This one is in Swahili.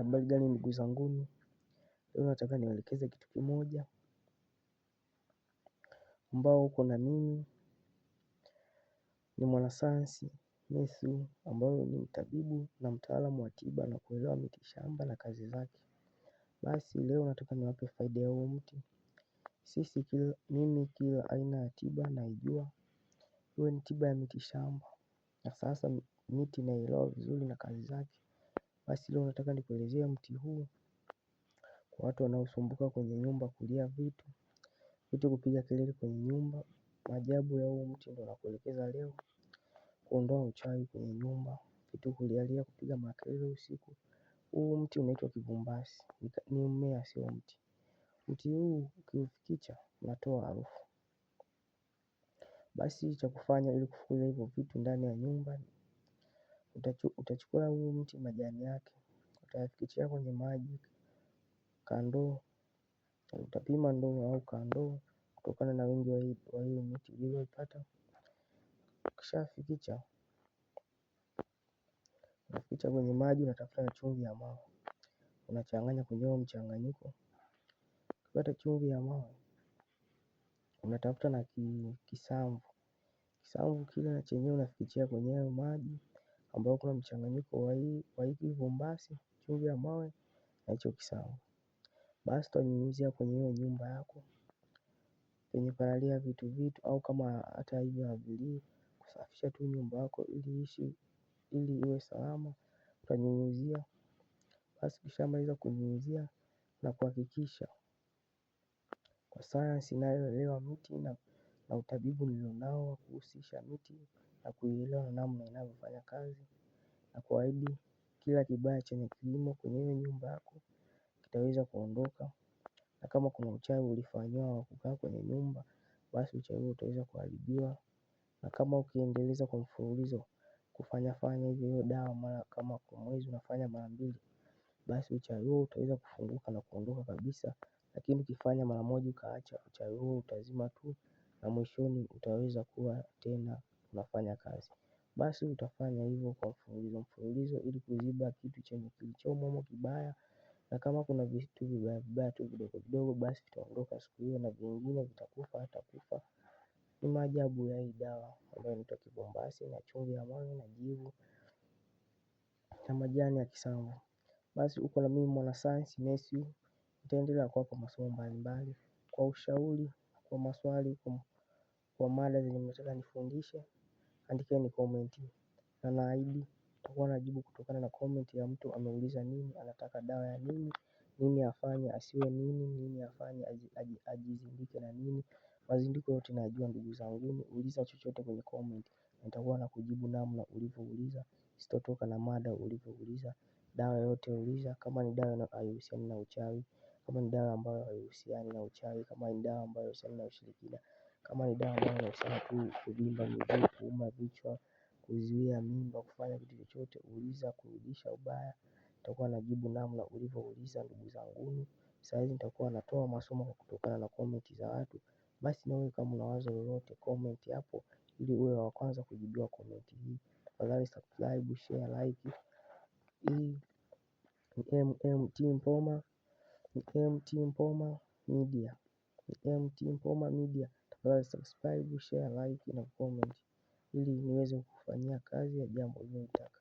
Habari gani ndugu zanguni, leo nataka nielekeze kitu kimoja ambao uko na mimi ni mwanasayansi Mathew ambayo ni mtabibu na mtaalamu wa tiba na kuelewa miti shamba na kazi zake. Basi leo nataka niwape faida ya huo mti. Sisi kila mimi kila aina ya tiba naijua. Iwe ni tiba ya miti shamba na sasa miti naielewa vizuri na kazi zake basi leo nataka nikuelezee mti huu kwa watu wanaosumbuka kwenye nyumba kulia vitu vitu kupiga kelele kwenye nyumba. Maajabu ya huu mti ndo nakuelekeza leo. Kuondoa uchawi kwenye nyumba, vitu kulialia, kupiga makelele usiku. Huu mti unaitwa kivumbasi, ni mmea sio mti. Mti huu ukiufikicha unatoa harufu. Basi cha kufanya ili kufukuza hivyo vitu ndani ya nyumba Utachukua huu mti majani yake, utayafikishia kwenye maji ka ndoo, utapima ndoo au ka ndoo kutokana na wingi wa hiyo miti uliyoipata. Ukishayafikisha, unayafikisha kwenye maji, unatafuta na chumvi ya mawe, unachanganya kwenye huo mchanganyiko. Ukipata chumvi ya mawe, unatafuta na kisamvu, kisamvu kile chenyewe unafikishia kwenye hayo maji ambao kuna mchanganyiko wa hiki vumbasi, chumvi ya mawe na hicho kisau. Basi utanyunyizia kwenye hiyo nyumba yako penye panalia vitu vitu, au kama hata hivyo havilii, kusafisha tu nyumba yako ili iishi, ili iwe salama, utanyunyizia. Basi ukishamaliza kunyunyizia na kuhakikisha kwa sayansi inayoelewa miti na utabibu nilionao wa kuhusisha miti na kuielewa namna inavyofanya kazi na kuahidi kila kibaya chenye kilimo kwenye hiyo nyumba yako kitaweza kuondoka na kama kuna uchawi ulifanyiwa wa kukaa kwenye nyumba basi uchawi huo utaweza kuharibiwa na kama ukiendeleza kwa mfululizo kufanya fanya hivyo hiyo dawa mara kama kwa mwezi unafanya mara mbili basi uchawi huo utaweza kufunguka na kuondoka kabisa lakini ukifanya mara moja ukaacha uchawi huo utazima tu na mwishoni utaweza kuwa tena unafanya kazi. Basi utafanya hivyo kwa mfululizo mfululizo ili kuziba kitu chenye kilichomo humo kibaya. Na kama kuna vitu vibaya vibaya tu vidogo vidogo basi vitaondoka siku hiyo na vingine vitakufa kufa Ni maajabu ya hii dawa ambayo inaitwa kibombasi na chumvi ya mawe na jivu na majani ya kisamvu. Basi uko na mimi mwanasayansi Mathew nitaendelea kuwapa masomo mbalimbali. Kwa ushauri, kwa maswali, kwa mada zenye mnataka nifundishe andikeni komenti, na naahidi nitakuwa najibu kutokana na komenti ya mtu ameuliza nini, anataka dawa ya nini, nini afanye asiwe nini, nini afanye ajizindike na nini. Mazindiko yote najua ndugu zanguni, uliza chochote kwenye komenti, nitakuwa nakujibu namna ulivyouliza, sitatoka na mada ulivyouliza, dawa yote uliza, kama ni dawa haihusiani na uchawi, kama ni dawa ambayo haihusiani na uchawi, kama ni dawa ambayo haihusiani na ushirikina. Kama ni dawa ambayo inahusiana tu kuvimba miguu, kuuma vichwa, kuzuia mimba, kufanya kitu chochote, uliza kurudisha ubaya, nitakuwa najibu namna ulivyouliza ndugu zanguni. Saa hizi nitakuwa natoa masomo kwa kutokana na komenti za watu. Basi na wewe kama una wazo lolote komenti hapo ili uwe wa kwanza kujibiwa komenti hii. Tafadhali subscribe, share, like. Hii ni MT Mpoma, ni Mpoma Media, ni Mpoma Media kama subscribe, share, like na comment ili niweze kukufanyia kazi ya jambo linalotaka.